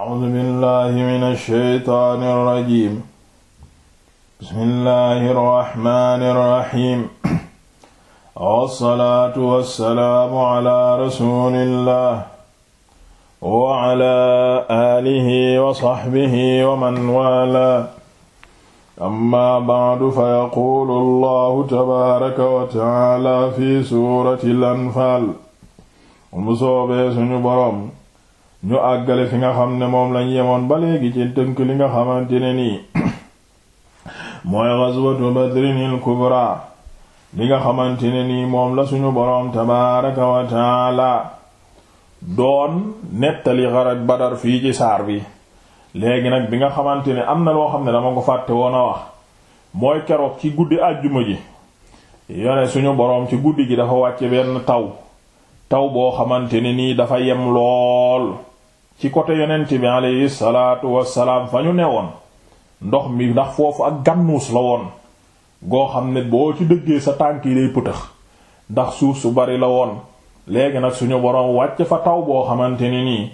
أعوذ بالله من الشيطان الرجيم بسم الله الرحمن الرحيم والصلاة والسلام على رسول الله وعلى آله وصحبه ومن والاه أما بعد فيقول الله تبارك وتعالى في سورة الأنفال mu soobee suñu boroom ñu àggale fi nga xam ne moom lañu yemoon ba léegi ci tënk li nga xamante ne nii mooy ghazwatu badrinil kubra li nga xamante ne nii moom la suñu boroom tabaaraka wa taala doon nettali xaraj badar fii ci saar bi léegi nag bi nga xamante ne am na loo xam ne dama ko fàtte woon a wax mooy keroog ci guddi àjjuma ji yone suñu boroom ci guddi gi dafa wàcce benn taw taw boo xamante ne nii dafa yem lool ci côté yonent bi alayhi salaatu salaam fa ñu ne woon ndox mi ndax foofu ak gannuus la woon goo xam ne boo ci dëggee sa tànk yi day pëtëx ndax suuf su bari la woon léegi nag suñu boroom wàcc fa taw boo xamante ne nii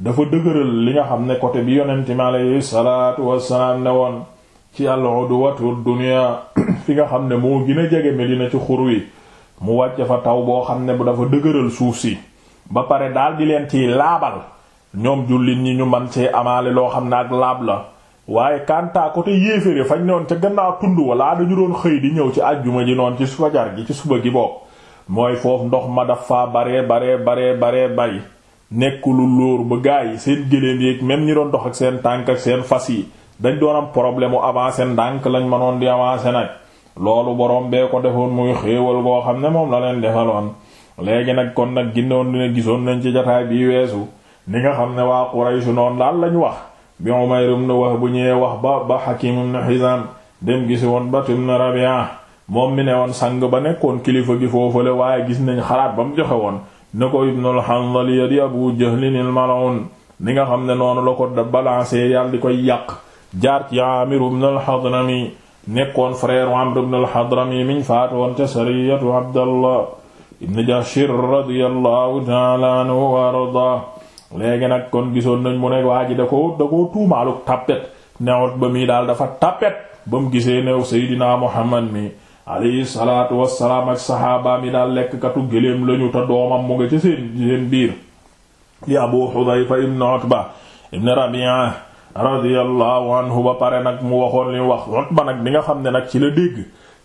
dafa dëgëral li nga xam ne côté bi yonent mi alayhi salaatu wassalaam ne woon ci al-udwatu dunya fi nga xam ne moo gën a jege Medina ci xur wi mu wàcc fa taw boo xam ne bu dafa dëgëral suuf si ba pare daal di leen ciy laabal ñoom jullit ñi ñu man cee amaale loo xam ne ak laab la waaye kantaa côté yéefére fañ noon ca gannaaw tund walaa dañu doon xëy di ñëw ci àjjuma ji noon ci fajar gi ci suba gi bopp mooy foofu ndox ma dafa baree baree baree baree bari nekk lu lóor ba gaa yi seen géléem yéeg mel ñi doon dox ak seen tànk ak seen fas yi dañ doon am problème mu avancé ndànk lañ mënoon di avancé nag loolu borom bee ko defoon muy xéewal goo xam ne moom la leen defaloon léegi nag kon gisoon nañ ci jataay bi weesu ni nga xam ne waa Quraysh noonu daal lañ wax bi Umayr ibn Wahb bu ñëwee wax ba ba Hakim ibn Hizam dem gisi woon Bat ibn Rabi'a moom mi ne woon sang ba nekkoon kilifa gi foofule waaye gis nañ xalaat ba mu joxe woon ne ko Ibnul Hanzaliya di Abu Jahlin al ni nga xam ne noonu la ko da balancé yàlla di koy yàq jaar ci Amir ibn al nekkoon frère Amr ibn al-Hadrami miñ faatu woon ca sariyatu Abdallah ibn Jashir radiyallahu ta'ala anhu arda léegi nag kon gisoon nañ mu ne waa ji da ko da ko tuumaaluk tàppet newot ba mii daal dafa tàppet ba mu gisee new Seydina Muhammad mi alayhi salaatu wassalaam ak saxaaba mi daal lekkkatu géléem lañu te doomam mu nga ci seen seen biir di Abu Hudayfa ibn ba ibn Rabi'a radiyallahu anhu ba pare nag mu waxoon li wax Utba bi nga xam ne nag ci la dégg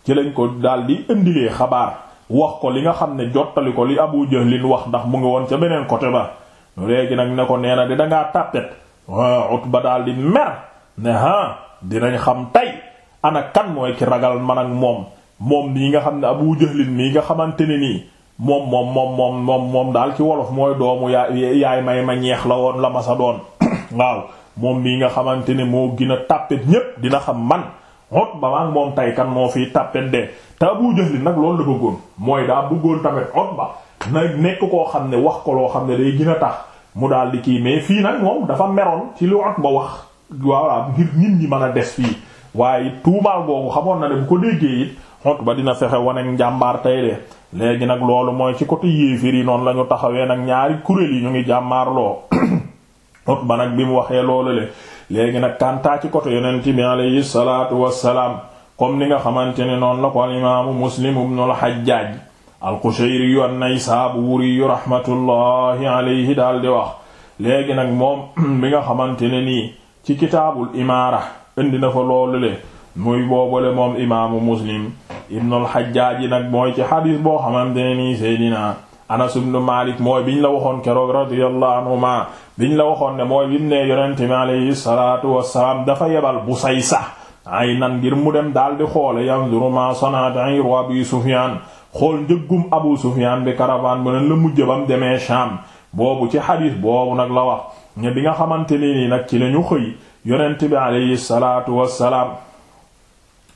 ci lañ ko daal di indilee xabaar wax ko li nga xam ne jottali ko li Abu Jahlin wax ndax mu ngi woon ca beneen côté ba léegi nag ne ko nee di dangaa tàppet waaw Utba daal di mer ne ha dinañ xam tey ana kan mooy ki ragal man ak moom moom mii nga xam ne Abu Jahlin mii nga xamante ne nii moom moom moom moom daal ci wolof mooy doomu yaa yaay may ma ñeex la woon la ma sa doon waaw moom mii nga xamante ne moo gina a tàppet ñépp dina xam man Utba maak moom tey kan moo fiy tàppet de te Abu Jahlin nag loolu la bëggoon mooy daa bëggoon tamit Utba na nekk koo xam ne wax ko loo xam ne day gën a tax mu daal di kii mais fii nag moom dafa meroon ci lu at ba wax voilà ngir nit ñi mën a des fii waaye tuumaal boobu xamoon na ne bu ko déggee it xot ba dina fexe wane njàmbaar tey de léegi nag loolu mooy ci côté yéefir yi noonu la ñu taxawee nag ñaari kuréel yi ñu ngi jàmmaarloo xot ba nag bi mu waxee loolu le léegi nag kantaa ci côté yonent bi alayhi salaatu wassalaam comme ni nga xamante ne noonu la ko al imaamu muslim ibnul xajjaaj alqushayri yu an-Naysaburi yu rahmatullahi alayhi daal di wax léegi nag moom bi nga xamante ne nii ci kitaabul imaara indi na fa loolu le muy boobale moom imaamu muslim ibnul xajjaaji nag mooy ci xadis boo xamante ne nii seydina anas ibnu malik mooy biñ la waxoon keroog radiyallahu anhuma biñ la waxoon ne mooy bim ne yonente mi alayhi salaatu wassalaam dafa yebal Busaysa ay nan ngir mu dem daal di xoole yanzuru ma sanata ir abi Sufyaan xool njëggum Abu Sufyaan bi caravane bu neen la mujj bam demee Sham boobu ci xadiis boobu nag la wax ne bi nga xamante ne nii nag ci lañu ñu xëy yonent bi alayhi salaatu wassalaam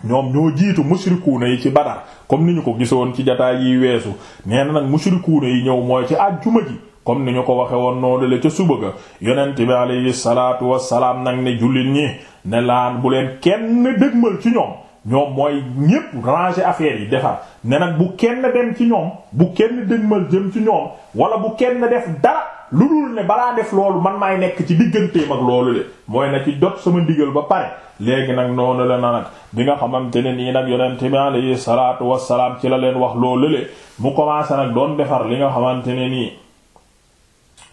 ñoom ñoo jiitu mushrikuuna yi ci Badar comme ni ñu ko gisoon ci jataay yiy weesu nee na nag mushrikuuna yi ñëw mooy ci àjjuma ji comme ni ñu ko waxe woon noonu la ca suba ga yonent bi alayhi salaatu wassalaam nag ne jullit ñi ne laan bu leen kenn dëgmal ci ñoom ñoom mooy ñépp ranger affaire yi defar ne nag bu kenn dem ci ñoom bu kenn dëgmal jëm ci ñoom wala bu kenn def dara lu dul ne balaa def loolu man maay nekk ci digganteem ak loolu le mooy na ci jot sama ndigal ba pare léegi nag noonu la naa nag bi nga xamante ne nii nag yonent bi alayhi salaatu wassalaam ci la leen wax lool mu commencé nag defar li nga xamante ne nii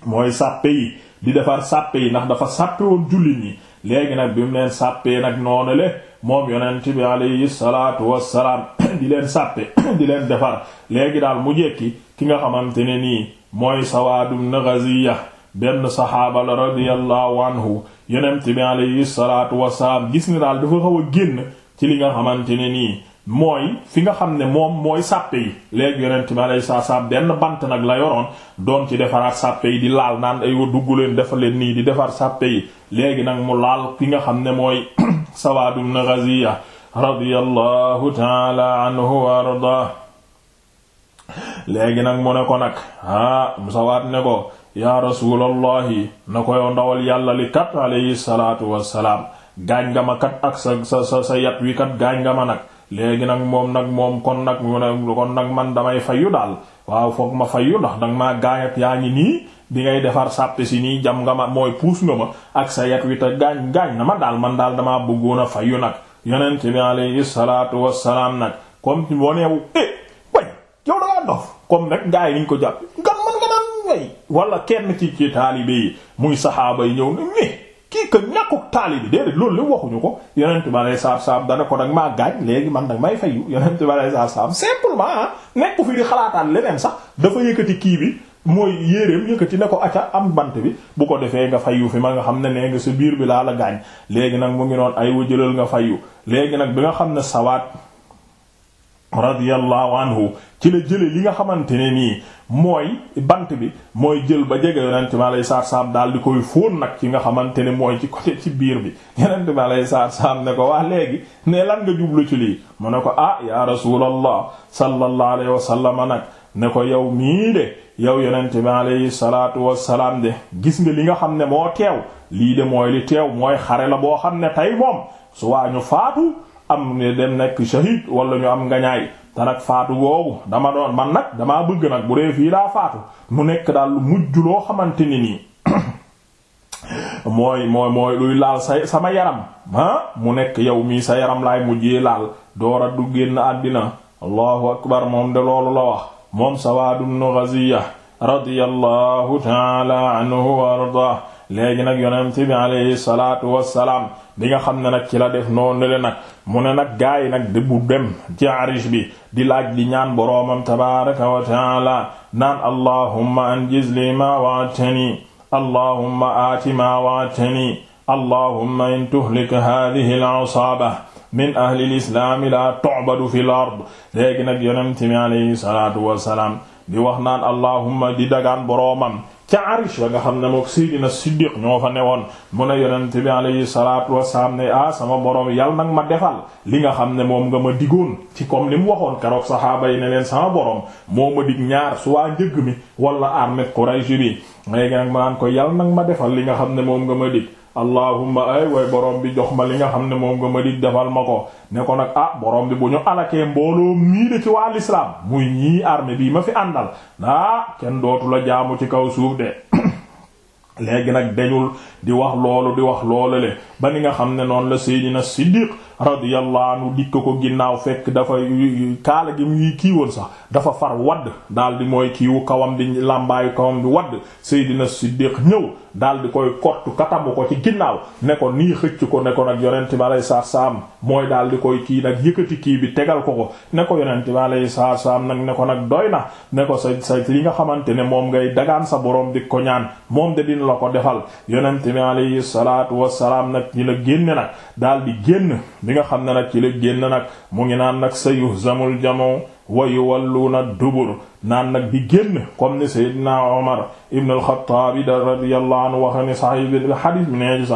mooy sàppe yi di defar sàppe yi ndax dafa sàppe jullit yi léegi nag bi mu leen sàppee nag noonu le moom yonent bi alayhi salaatu wassalaam di leen sàppe di leen defar léegi daal mu jekki ki nga xamante ne nii mooy sawaadum na Gaziya benn saxaaba la radiyallahu anhu yonent bi alayhi salaatu wa wassalaam gis ni daal dafa xaw a génn ci li nga xamante ne nii mooy fi nga xam ne moom mooy sàppe yi léegi yonent bi alayhi salaam benn bant nag la yoroon doon ci defaraat sàppe yi di laal naan ay wa dugg leen defar leen nii di defar sàppe yi léegi nag mu laal fi nga xam ne mooy Sawaad ibn Ghaziya radiyallahu taala anhu wa léegi nag mu ne ko nag ah Sawaad ne ko yaa rasulallahi na ko ndawal yàlla li kat alayhi salaatu wassalaam gaañ nga ma kat ak sa sa sa yat wi kat gaañ nga ma nag léegi nag moom nag moom kon nag mu kon nag man damay fayyu daal waaw foog ma fayyu ndax danga ma gaañat yaa ngi nii bi ngay defar sàppe si nii jam nga ma mooy puus nga ma ak sa yat wi te gaañ gaañ na ma daal man daal damaa bëggoon a fayyu nag yonent bi alayhi salaatu wassalaam nag comme boo neewu eh wañ yow da ngaa dof comme rek gaa niñ ko jàpp gan man nga naan way wala kenn ci ci taalibe yi muy saxaaba yi ñëw na que ñàkkuk taali bi déedéet loolu la waxuñu ko yonent bi alay saab saab dana ko nag maa gaañ léegi man nag may fayu yonent bi alay saab saab simplement ah nekku fi di xalaataan leneen sax dafa yëkkati kii bi mooy yéeréem yëkkati ne ko acca am bant bi bu ko defee nga fayu fi ma nga xam ne nee nga sa biir bi laa la gaañ léegi nag mu ngi noon ay wajëlal nga fayu léegi nag bi nga xam ne sawaat radiyallahu anhu ci la jële li nga xamante ne nii mooy bant bi mooy jël ba jege yonent bi alayhi salaatu daal di koy fóon nag ci nga xamante ne mooy ci côté ci biir bi yonent bi alayhi salaatu ne ko waa léegi ne lan nga jublu ci lii mu ne ko ah ya rasulallah sallallahu alayhi wa sallam nag ne ko yow mii de yow yonent bi alayhi salaatu de gis nga li nga xam ne moo teew lii de mooy li teew mooy xare la boo xam ne tey moom su waa ñu faatu am ne dem nekk shahid wala ñu am ngañaay te nag faatu boobu dama doon man nag damaa bëgg nag bu dee fii daa faatu mu nekk daal lu mujj loo xamante ni nii mooy mooy mooy laal sama yaram mu nekk yow mii sa yaram laay mujjee laal doora du génn àddina allahu akbar moom de loolu la moom Sawaad ibn Ghaziya radiyallahu taala anhu wa arda léegi nag yonent bi alayhi salaatu wassalaam bi nga xam ne nag ci la def noonu le nag mu ne nag gaa yi nag di bu dem ci arish bi di laaj di ñaan boroomam tabaraka wa taala naan allahumma anjiz li ma wa'adtani allahumma aati ma wa'adtani allahumma in tuhlik hadhihi al-'asaba min ahli al-islaami laa tu'badu fi l-ard léegi nag yonent bi alayhi salaatu wa salaam di wax naan allahumma di dagaan boroomam ca arish ba nga xam ne mook Seydina Siddiq ñoo fa newoon mu ne yonent bi alayhi salaatu wasalaam ne ah sama boroom yàlla nag ma defal li nga xam ne moom nga ma diggoon ci comme li mu waxoon keroog saxaaba yi ne leen sama borom moo ma dig ñaar soit njëgg mi wala armée Quraysh bi léegi nag ma naan ko yàlla nag ma defal li nga xam ne moom nga ma dig. allahumma ay way borom bi jox ma li nga xam ne moom nga ma di defal ma ko ne ko nag a ah, borom bi bu ñu alakee mbooloo mii de ci waa lislaam muy ñii armée bii ma fi àndal ah kenn dootu la jaamu ci kaw suuf de léegi nag dañul di wax loolu di wax loolu le ba ni nga xam ne noonu la na siddiq radiyallahu anhu dikk ko ginnaaw fekk dafa kaala gi muy kii woon sax dafa far wadd daal di mooy kiiwu kawam di làmbaayu kawam di wadd Seydina Siddiq ñëw daal di koy kottu katamu ko ci ginnaaw ne ko nii xëcc ko ne ko nag yonent bi alayhi salaatu salaam mooy daal di koy kii nag yëkkati kii bi tegal ko ko ne ko yonent bi alayhi salaatu salaam nag ne nag doy na ne ko sa sa li nga xamante ne moom ngay dagaan sa boroom di ko ñaan moom de dina la ko defal yonent bi alayhi salaatu wassalaam nag dina génne nag daal di génn bi nga xam ne nag ci la génn nag mu ngi naan nag sa yuhzamul jamu wa yuwalluuna dubur naan nag bi génn comme ni Seydina Omar ibn al-Khattab da radiyallahu anhu waxe ne sahih bi hadith bi nee ci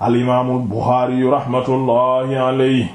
al-imaamu al-Bukhari rahmatullahi alayhi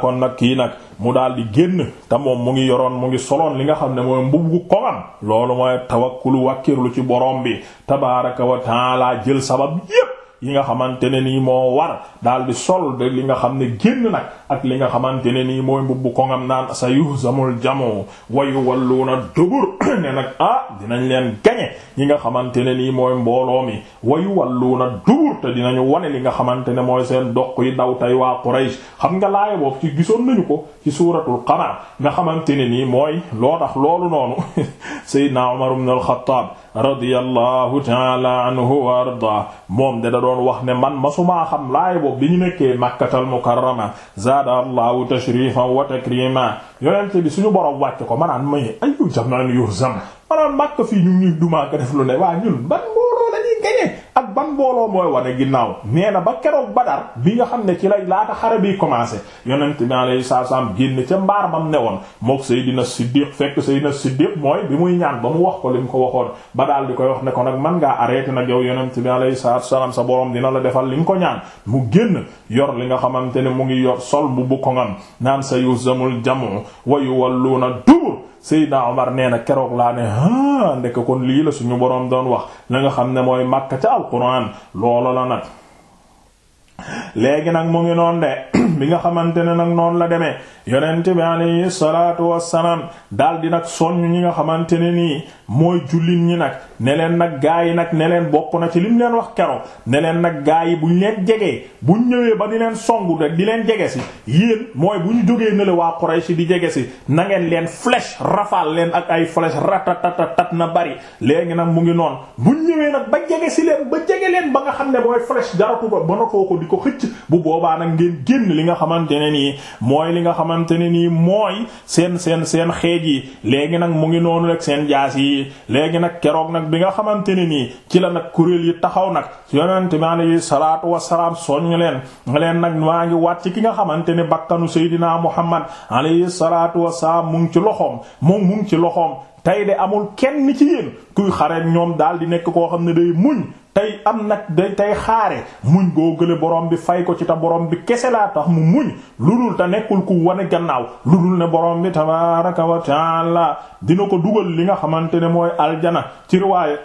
kon nag kii nag mu daal di génn ta moom mu ngi yoroon mu ngi soloon li nga xam ne mooy mbubb ko koŋam loolu mooy tawakkulu wàkkirlu ci borom bi tabaaraka wa taala jël sabab yépp yi nga xamante ne nii moo war daal di sol de li nga xam ne génn nag ak li nga xamante ne nii mooy ko kongam naan sa yuhzamul jamu wayu walluuna dubur ne nag ah dinañ leen gañe ñi nga xamante ne nii mooy mbooloo mi wayu walluuna dubur te dinañu wane li nga xamante ne mooy seen doq yi daw tey waa Quraysh xam nga laaya boobu ci gisoon nañu ko ci suuratul Qamar nga xamante ne nii mooy loo tax loolu noonu Seydina Umar ibn al-Khattab radiyallahu ta'ala anhu wa arda moom de da doon wax ne man masumaa xam laaya boobu bi ñu nekkee zaada allahu wa takrima yonent bi suñu borom wàcc ko manaan maye ayu jaman yuhzam manaan màkk fi ñu ngi dumaa ko def lu ne waa ñun ban mbooloo lañuy gañe ak ban mbooloo mooy wane ginnaaw nee na ba keroog Badar bi nga xam ne ci lay laata xare bi commencé yonent bi alayhi salaam génn ca mbaar bam ne woon mook Seydina Siddiq fekk Seydina Siddiq mooy bi muy ñaan ba mu wax ko li mu ko waxoon ba daal di koy wax ne ko nag man ngaa arrêté na yow yonent bi alayhi salaam sa borom dina la defal li mu ko ñaan mu génn yor li nga xamante ne mu ngi yor sol bu bu ko ngam naan sa yuzamul jamu wa yuwalluna dubur Seydina Omar nee na keroog laa ne a ndekk kon lii la suñu boroom doon wax la nga xam ne mooy Makka ca alquran loolu la nag léegi nag mu ngi noon de bi nga xamante ne nag noonu la demee yonent bi alayhi salaatu wassalaam daal di nag soññ ñi nga xamante ne nii mooy jullit ñi nag ne leen nag gaa yi nag ne leen bokk na ci lim leen wax keroog ne leen nag gaa yi buñ leen jegee bu ñëwee ba di leen song rek di leen jege si yéen mooy bu ñu jógee ne la waa Quraysh di jege si nangeen leen flèche rafal leen ak ay flèche ratatatatat na bari léegi nag mu ngi noonu buñ ñëwee nag ba jege si leen ba jege leen ba nga xam li nga xamante ne nii mooy li nga xamante ne nii mooy seen seen seen xeej yi léegi nag mu ngi noonu rek seen jaas yi léegi nag keroog nag bi nga xamante ne nii ci la nag kuréel yi taxaw nag yonent bi alayhi salaatu wassalaam soññ leen nga leen nag maa ngi ci ki nga xamante ne bakkanu Seydina Muhammad alayhi salaatu wassalaam mu ngi ci loxoom mu ngi ci loxoom tey de amul kenn ci yéen kuy xareet ñoom daal di nekk koo xam ne day muñ tey am nag day tey xaare muñ goo gële borom bi fay ko ci te borom bi kese laa tax mu muñ lu dul te nekkul ku wane gannaaw lu dul ne borom bi tabaaraka wa taala dina ko dugal li nga xamante ne mooy aljana ci riwaaye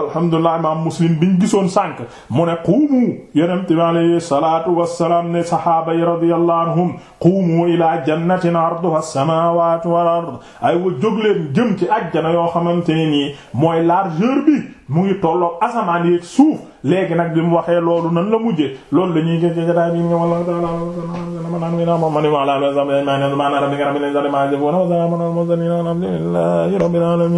alhamdulilah imaam muslim biñ gisoon sànq mu ne quumu yonent bi alayhi salaatu wassalaam ne saxaaba yi radiyallahu anhum quumu ilaa jannatin arduha as-samaawaatu wal ard ay wa jóg leen jëm ci ajjana yoo xamante ne nii mooy largeur bi mu ngi tolloog asamaan yeeg suuf léegi nag bi mu waxee loolu nan la mujjee loolu la ñuy gëj a daal di nga wallaahu ta'aala ma naan mi naa moom ma ni ma laa ma